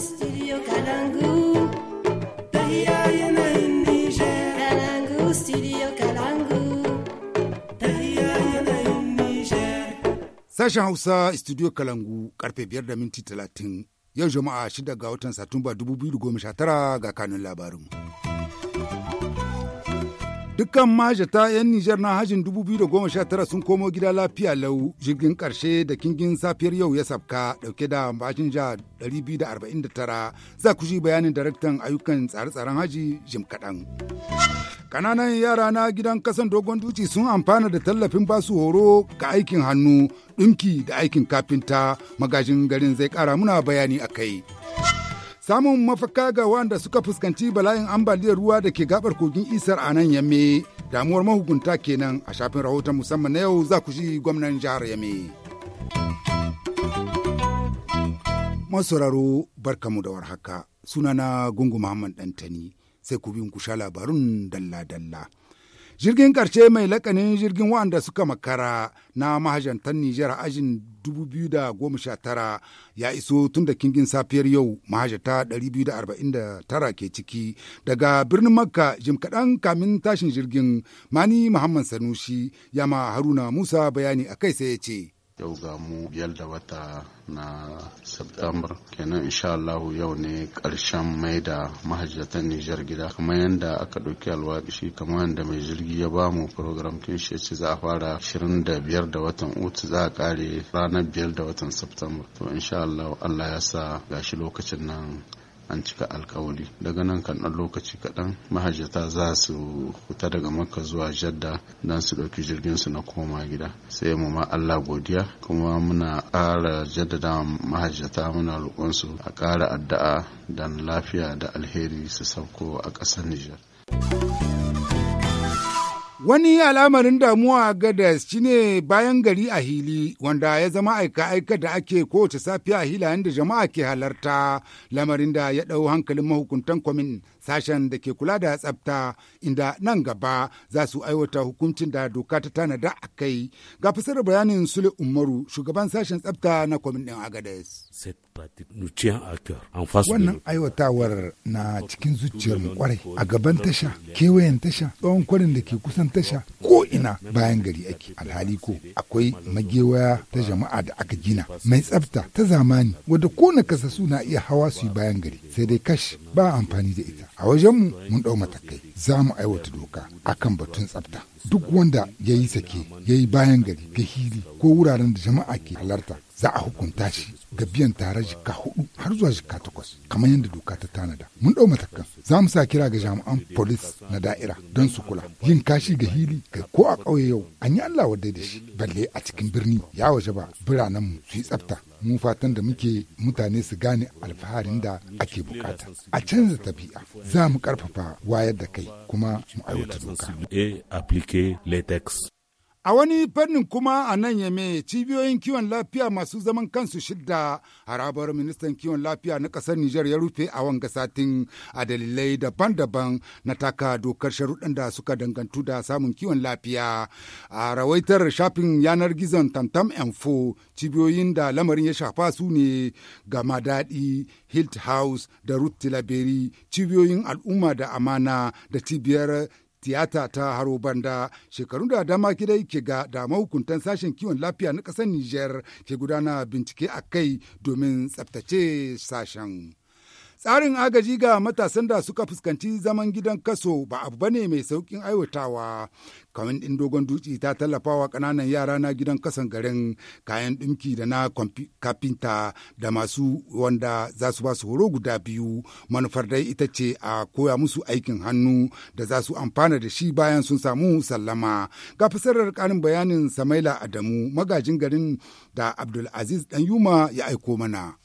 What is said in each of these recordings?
studio Kalangu. Tahiya yanayin Niger. Kalangu studio Kalangu. Tahiya Niger. Sashen Hausa studio Kalangu karfe biyar da minti talatin. Yau Juma'a shida ga watan Satumba tara ga kanun labarin. Dukkan majata 'yan Nijar na hajjin 2019 sun komo gida lafiya lau jirgin ƙarshe da kingin safiyar yau ya sabka dauke da bashin ja 249 za ku ji bayanin daraktan ayyukan tsare-tsaren haji jim kaɗan. Kananan yara na gidan kasan dogon duci sun amfana da tallafin basu horo ga aikin hannu, ɗinki da aikin kafinta magajin garin zai kara muna bayani a kai. Samun mafaka ga wanda suka fuskanci bala'in ambaliyar ruwa da ke gabar kogin isar a nan yamme damuwar mahukunta kenan a shafin rahoton musamman na yau za ku ji gwamnan jihar yamme. Masauraro barkamu da warhaka sunana Gungu Muhammad Dantani sai ku bi ku sha labarun dalla-dalla. Jirgin karshe mai lakanin jirgin waɗanda suka makara na mahajantan Nijar ajin 2019 ya iso tun da kingin safiyar yau mahajata 249 ke ciki daga birnin Makka jim kaɗan kamin tashin jirgin Mani Muhammad Sanushi, ya ma Haruna Musa bayani a kai sai ya ce. yau ga mu biyar da wata na september kenan insha Allah yau ne karshen mai da mahajjatan Nijar gida kamar yadda aka ɗauki shi kamar yadda mai jirgi ya ba mu program tun shi ce za a fara 25 da watan utu za a kare ranar biyar da watan september to insha Allah Allah ya sa gashi lokacin nan an cika alkawali daga nan kan ɗan lokaci kaɗan mahajjata za su fita daga makka zuwa jadda don su ɗauki jirgin su na koma gida sai mu ma allah godiya kuma muna ƙara jaddada mahajjata muna roƙonsu a ƙara addu'a don lafiya da alheri su sauko a ƙasar nijar. Wani al'amarin damuwa gadas shi ne bayan gari a hili wanda ya zama aika-aika da ake kowace safiya a hilayen da jama'a ke halarta lamarin da ya ɗau hankalin mahukuntan kwamin sashen da ke kula da tsafta inda nan gaba za su aiwata hukuncin da doka ta tanada a kai ga fasar bayanin sule umaru shugaban sashen tsafta na kwamitin agades wannan aiwatawar na cikin zuciyar mu kwarai a gaban tasha kewayen tasha tsawon kwarin da ke kusan tasha ko ina bayan gari ake alhali ko akwai magewaya ta jama'a da aka gina mai tsafta ta zamani wadda ko na iya hawa su bayan gari sai dai kash ba amfani da ita a wajenmu mun ɗau matakai za mu aiwata doka a kan batun tsafta. Duk wanda ya yi sake ya yi bayan gari ga hili ko wuraren da jama'a ke halarta za a hukunta shi ga biyan tare jika hudu har zuwa jika takwas kamar yadda doka ta tanada mun dau matakan za mu sa kira ga jami'an polis na da'ira don su kula yin kashi ga hili ga ko a ƙauye yau an yi allah wadda da shi balle a cikin birni ya waje ba biranenmu su yi tsafta mu fatan da muke mutane su gane alfaharin da ake bukata a canza tafiya za mu karfafa wayar da kai kuma mu aiwata doka. Eh, A wani fannin kuma a nan yame cibiyoyin kiwon lafiya masu zaman kansu shidda harabar ministan kiwon lafiya na ƙasar Nijar ya rufe a wanga satin a dalilai daban-daban na taka dokar sharuɗan da suka dangantu da samun kiwon lafiya. A rawaitar shafin yanar gizon tamtam info cibiyoyin da lamarin ya shafa su ne gama daɗi, Hilt House da Ruth Tilaberi, cibiyoyin al'umma da amana da cibiyar tiyata ta haro banda shekaru da dama gidai ke ga da hukuntan sashen kiwon lafiya na ƙasar Nijar ke gudana bincike a kai domin tsabtace sashen. Tsarin agaji ga matasan da suka fuskanci zaman gidan kaso ba abu bane mai saukin aiwatawa. kamar ɗin dogon dutse ta tallafawa ƙananan yara na gidan kasan garin kayan ɗinki da na kafinta da masu wanda za su ba su horo guda biyu. Manufar dai ita ce a koya musu aikin hannu da za su amfana da shi bayan sun samu sallama. Ga fasarar ƙarin bayanin Samaila Adamu magajin garin da Abdulaziz yuma ya aiko mana.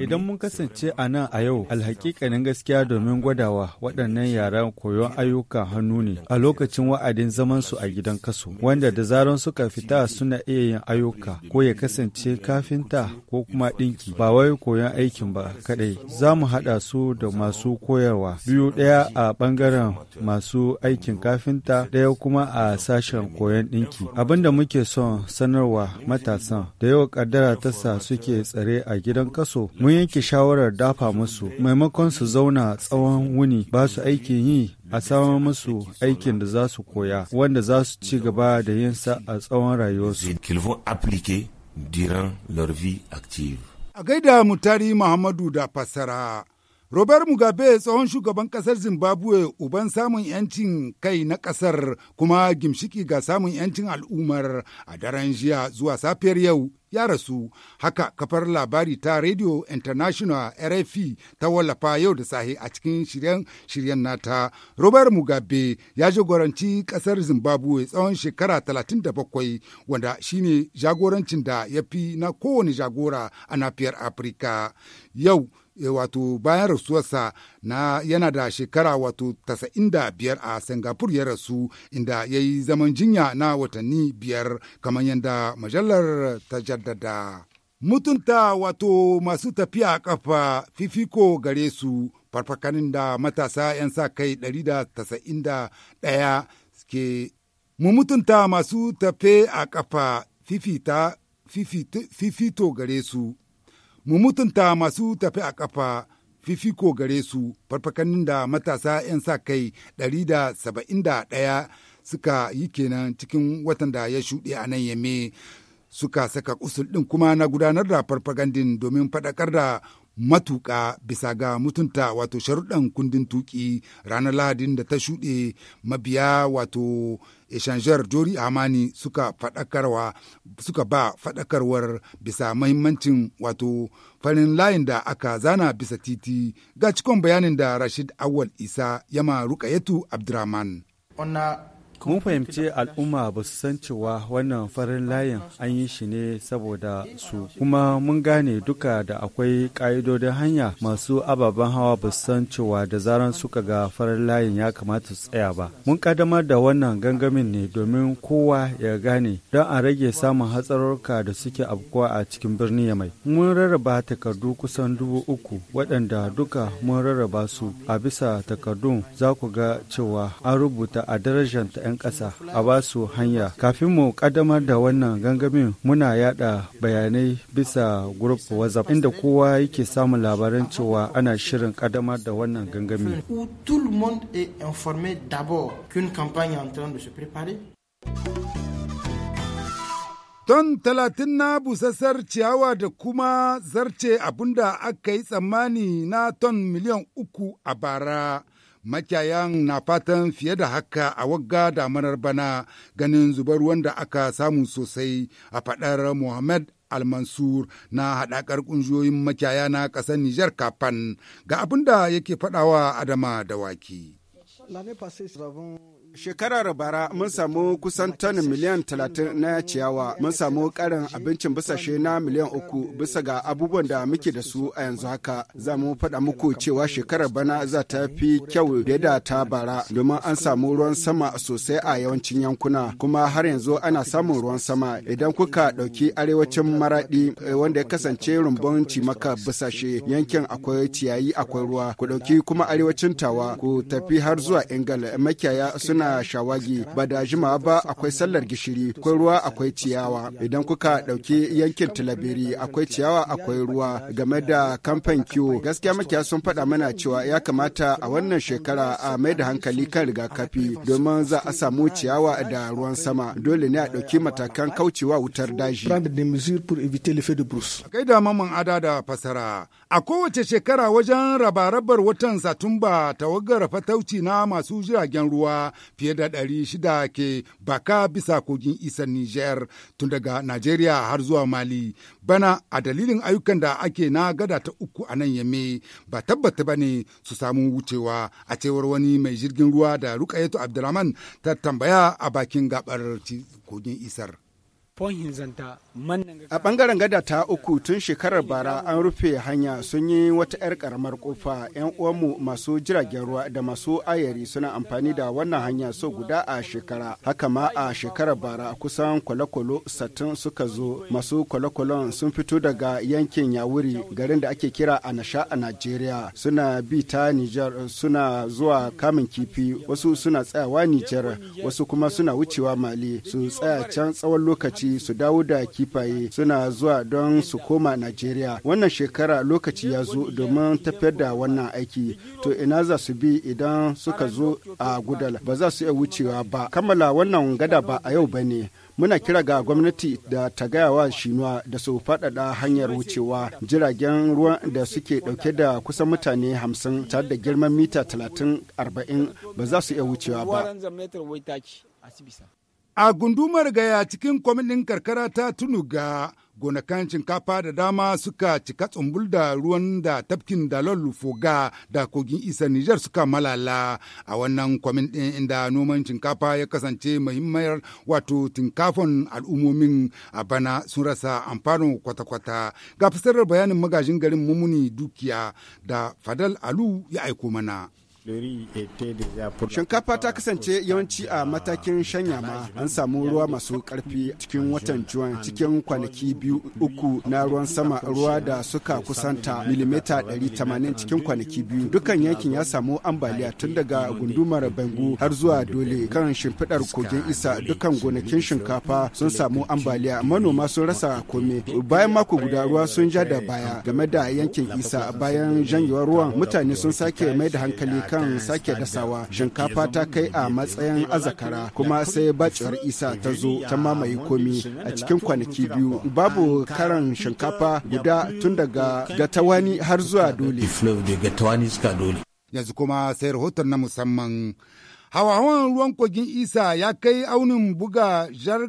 Idan mun kasance a nan a yau alhakikanin gaskiya domin gwadawa waɗannan yaran koyon ayyukan hannu ne a lokacin wa'adin zaman su a gidan kaso wanda da zaran suka fita suna iya yin ayyuka ko ya kasance kafinta ko kuma ɗinki ba wai koyon aikin ba kaɗai za mu haɗa su da masu koyarwa biyu ɗaya a ɓangaren masu aikin kafinta ɗaya kuma a sashen koyon ɗinki abinda muke son sanarwa matasan da yau ƙaddara ta sa suke tsare a gidan kaso mun yanke shawarar dafa musu maimakon su zauna tsawon wuni ba su aikin yi a samar musu aikin da za su koya wanda za su ci gaba da yin sa a tsawon rayuwarsu. A gaida mutari Muhammadu da fassara Robert Mugabe tsohon shugaban kasar Zimbabwe uban samun 'yancin kai na kasar kuma gimshiki ga samun 'yancin al'ummar a daren jiya zuwa safiyar yau ya rasu haka kafar labari ta radio international rfi ta wallafa yau da sahi a cikin shiryen-shiryen nata robert mugabe ya jagoranci kasar zimbabwe tsawon shekara 37 wanda shine jagorancin da ya fi na kowane jagora a nafiyar afirka yau Eh, wato bayan rasuwarsa na yana da shekara wato biyar a singapore ya rasu inda ya yi zaman jinya na watanni biyar kamar yadda majalar ta jaddada mutunta wato masu tafiya a kafa fifiko gare su farfakanin da matasa 'yan sa kai 191 ke mu mutunta masu tafe a kafa fifita fifito gare su mu mutunta masu tafi a ƙafa fifiko gare su farfakannin da matasa 'yan sa kai 171 suka yi kenan cikin watan da ya shuɗe a nan yame suka saka usul ɗin kuma na gudanar da farfagandin domin faɗakar da matuƙa bisa ga mutunta wato sharuɗan kundin tuƙi ranar lahadin da ta shuɗe mabiya wato Echangar Jori Amani suka faɗakarwa suka ba faɗakarwar bisa mahimmancin wato farin layin da aka zana bisa titi ga cikon bayanin da Rashid Awal Isa yama Rukayatu Abdurrahman. Mun fahimci al'umma ba su san cewa wannan farin layin an yi shi ne saboda su kuma mun gane duka da akwai ƙa'idodin hanya masu ababen hawa ba su san cewa da zaran suka ga farin layin ya kamata su tsaya ba. Mun ƙaddamar da wannan gangamin ne domin kowa ya gane don a rage samun hatsarurruka da suke afkuwa a cikin birni mai. Mun rarraba takardu kusan dubu uku waɗanda duka mun rarraba su a bisa takardun za ku ga cewa an rubuta a darajar ta 'yan ƙasa a ba su hanya. Kafin mu ƙaddamar da wannan gangamin muna yada bayanai bisa group WhatsApp inda kowa yake samun labaran cewa ana shirin kaddamar da wannan gangami. Ton talatin na busassar ciyawa da kuma zarce abinda aka yi tsammani na ton miliyan uku a bara. makiyayan na fatan fiye da haka a wagga damanar bana ganin zubar ruwan da aka samu sosai a fadar Muhammad Almansur na haɗakar ƙungiyoyin makiyaya na ƙasar Nijar kafan ga abin da yake faɗawa Adama da wake. Shekarar bara mun samu kusan ton miliyan talatin na ciyawa mun samu karin abincin bisashe na miliyan uku bisa ga abubuwan da muke da su a yanzu haka. Za mu faɗa muku cewa shekarar bana za ta fi kyau fiye da ta bara domin an samu ruwan sama sosai a yawancin yankuna kuma har yanzu ana samun ruwan sama idan kuka ɗauki arewacin maraɗi eh, wanda ya kasance rumbun cimaka bisashe yankin akwai ciyayi akwai ruwa ku ɗauki kuma arewacin tawa ku tafi har zuwa ingala makiyaya suna ana shawagi ba da jimawa ba akwai sallar gishiri akwai ruwa akwai ciyawa idan kuka ɗauki yankin tilabiri akwai ciyawa akwai ruwa game da kamfan kiwo gaskiya makiya sun faɗa mana cewa ya kamata a wannan shekara a mai da hankali kan rigakafi domin za a samu ciyawa da ruwan sama dole ne a ɗauki matakan kaucewa wutar daji. Gaida maman ada da fasara a kowace shekara wajen rabarabar watan Satumba tawagar fatauci na masu jiragen ruwa fiye da ɗari shida ke baka bisa kogin isar Nijar tun daga nigeria har zuwa Mali. Bana a dalilin ayyukan da ake na gada ta uku a nan yame ba tabbata ba ne su samu wucewa a cewar wani mai jirgin ruwa da Rukayetu Abdulrahman ta tambaya a bakin gabar kogin isar. A ɓangaren gada ta uku tun shekarar bara an rufe hanya sun yi wata 'yar ƙaramar kofa 'yan uwanmu masu jiragen ruwa da masu ayari suna amfani da wannan hanya so guda a shekara. Haka ma a shekarar bara kusan kwalokwalo satin suka zo masu kwalokwalon sun fito daga yankin Yawuri garin da ake kira a nasha a Najeriya suna bi ta Nijar suna zuwa kamun kifi wasu suna tsayawa Nijar wasu kuma suna wucewa Mali su tsaya can tsawon lokaci lokaci su dawo da kifaye suna zuwa don su koma Najeriya. Wannan shekara lokaci ya zo domin tafiyar da wannan aiki. To ina za su bi idan suka zo a gudal ba za su iya wucewa ba. Kammala wannan gada ba a yau ba ne. muna kira ga gwamnati da ta gaya wa shinuwa da su faɗaɗa hanyar wucewa jiragen ruwa da suke ɗauke da kusan mutane hamsin tare da girman mita talatin arba'in ba za su iya wucewa ba A gundumar gaya cikin kwamitin karkara ta tunuga gonakan shinkafa da dama suka cika tsumbul da ruwan da tafkin dalon lufoga da kogin isa Nijar suka malala a wannan kwamin ɗin inda noman shinkafa ya kasance muhimmiyar wato tinkafon al'ummomin a bana sun rasa amfanin kwata-kwata ga fasarar bayanin magajin garin mumuni dukiya da fadal alu ya aiko mana. Shinkafa ta kasance yawanci a matakin shanya ma an samu ruwa masu karfi cikin watan Juwan cikin kwanaki biyu uku na ruwan sama ruwa da suka kusanta milimita 180 cikin kwanaki biyu. dukkan yankin ya samu ambaliya tun daga gundumar Bangu har zuwa Dole kan shimfiɗar kogin Isa dukkan gonakin shinkafa sun samu ambaliya manoma sun rasa kome. Bayan mako guda ruwa sun ja da baya game da yankin Isa bayan janyewar ruwan mutane sun sake mai da hankali kan sake dasawa shinkafa ta kai a matsayin azakara kuma sai baciwar isa ta zo ta mamaye komi a cikin kwanaki biyu babu karan shinkafa guda tun daga gatawani har zuwa dole yanzu kuma sai rahoton na musamman hawa-hawan ruwan kogin isa ya kai aunin buga jar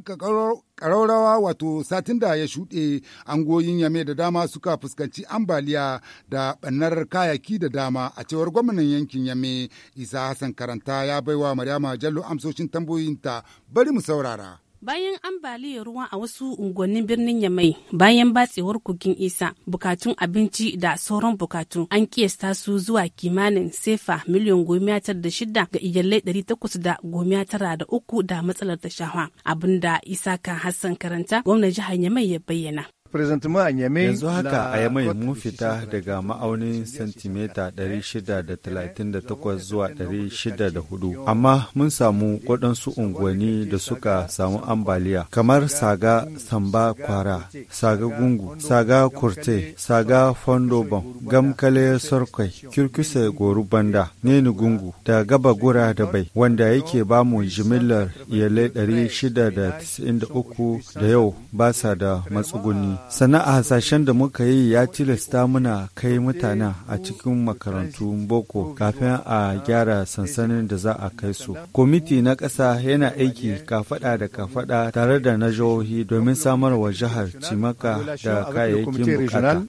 karaurawa wato satin da ya shuɗe angoyin yame da dama suka fuskanci ambaliya da ɓannar kayaki da dama a cewar gwamnan yankin yame isa hassan karanta ya baiwa maryama jallo amsoshin tambayoyinta bari mu saurara. bayan ambaliyar ruwa a wasu unguwannin birnin yamai bayan batsewar kogin isa bukatun abinci da sauran bukatu an kiyasta su zuwa kimanin sefa miliyan goma da shida ga iyalai ɗari takwas da goma tara da uku da matsalar tashawa abinda kan hassan karanta gwamnan jihar yamai ya bayyana Yanzu haka a Yamai mun fita daga ma'aunin santimeta 638 zuwa 604, amma mun samu waɗansu unguwanni da suka samu ambaliya kamar Saga Samba Kwara, Saga Gungu, Saga Kurte, Saga Fondobon, Gamkale Sarkwai, Kirkisa Goru Banda, Neni Gungu da Gaba Gura da Bai, wanda yake bamu jimillar iyalai 693 da yau ba sa da matsuguni Sana'a hasashen da muka yi ya tilasta muna kai mutanen a cikin makarantu boko kafin a gyara sansanin da za a kai su. Kwamiti na ƙasa yana aiki kafaɗa da kafaɗa tare da na jihohi domin samar wa jihar cimaka da kayayyakin bukata.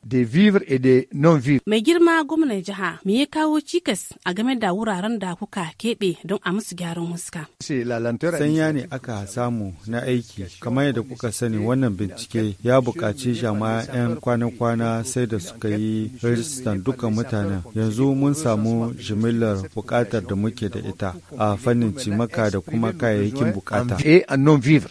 Mai girma gwamnan jiha me ya kawo cikas a game da wuraren da kuka keɓe don a musu gyaran huska. Sanya ne aka samu na aiki kamar yadda kuka sani wannan bincike ya buƙaci buƙaci shama 'yan kwana-kwana sai da suka yi rajistan dukkan mutanen. Yanzu mun samu jimillar buƙatar da muke da ita a fannin cimaka da kuma kayayyakin bukata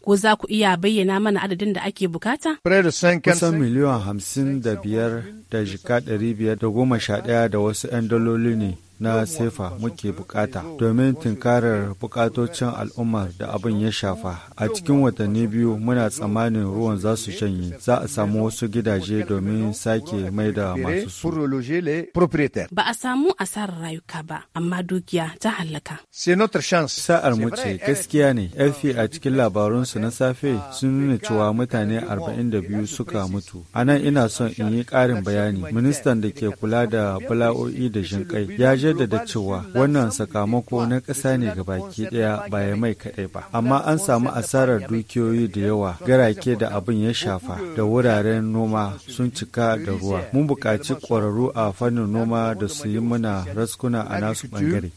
Ko za ku iya bayyana mana adadin da ake bukata Kusan miliyan hamsin da biyar da jika ɗari biyar da goma sha ɗaya da wasu 'yan daloli ne na sefa muke bukata domin tinkarar bukatocin al'ummar da abin ya shafa a cikin watanni biyu muna tsammanin ruwan za su shanye za a samu wasu gidaje domin sake mai da masu su ba a samu asarar rayuka ba amma dukiya ta halaka sa'ar mu ce gaskiya ne elfi a cikin su na safe sun nuna cewa mutane 42 suka mutu a nan ina son in yi ƙarin bayani ministan da ke kula da bala'o'i da jinƙai ya je jaddada cewa wannan sakamako na ƙasa ne ga baki ɗaya ba ya mai kaɗai ba. Amma an samu asarar dukiyoyi da yawa garake da abin ya shafa da wuraren noma sun cika da ruwa. Mun buƙaci ƙwararru a fannin noma da su yi mana raskuna a nasu ɓangare.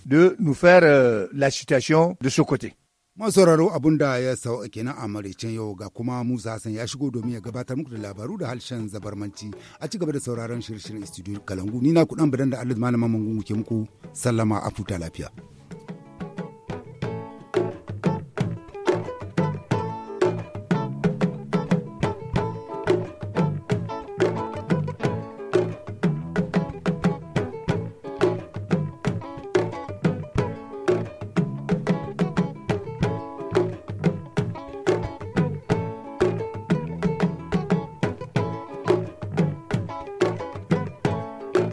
masauraro abun da ya sauka kenan a maraicen yau ga kuma musa hassan ya shigo domin ya gabatar muku da labaru da harshen zabarmanci a ci gaba da sauraron shirye-shiryen studio kalangu ni na kudan bidan da allah malaman mangungu ke muku sallama a futa lafiya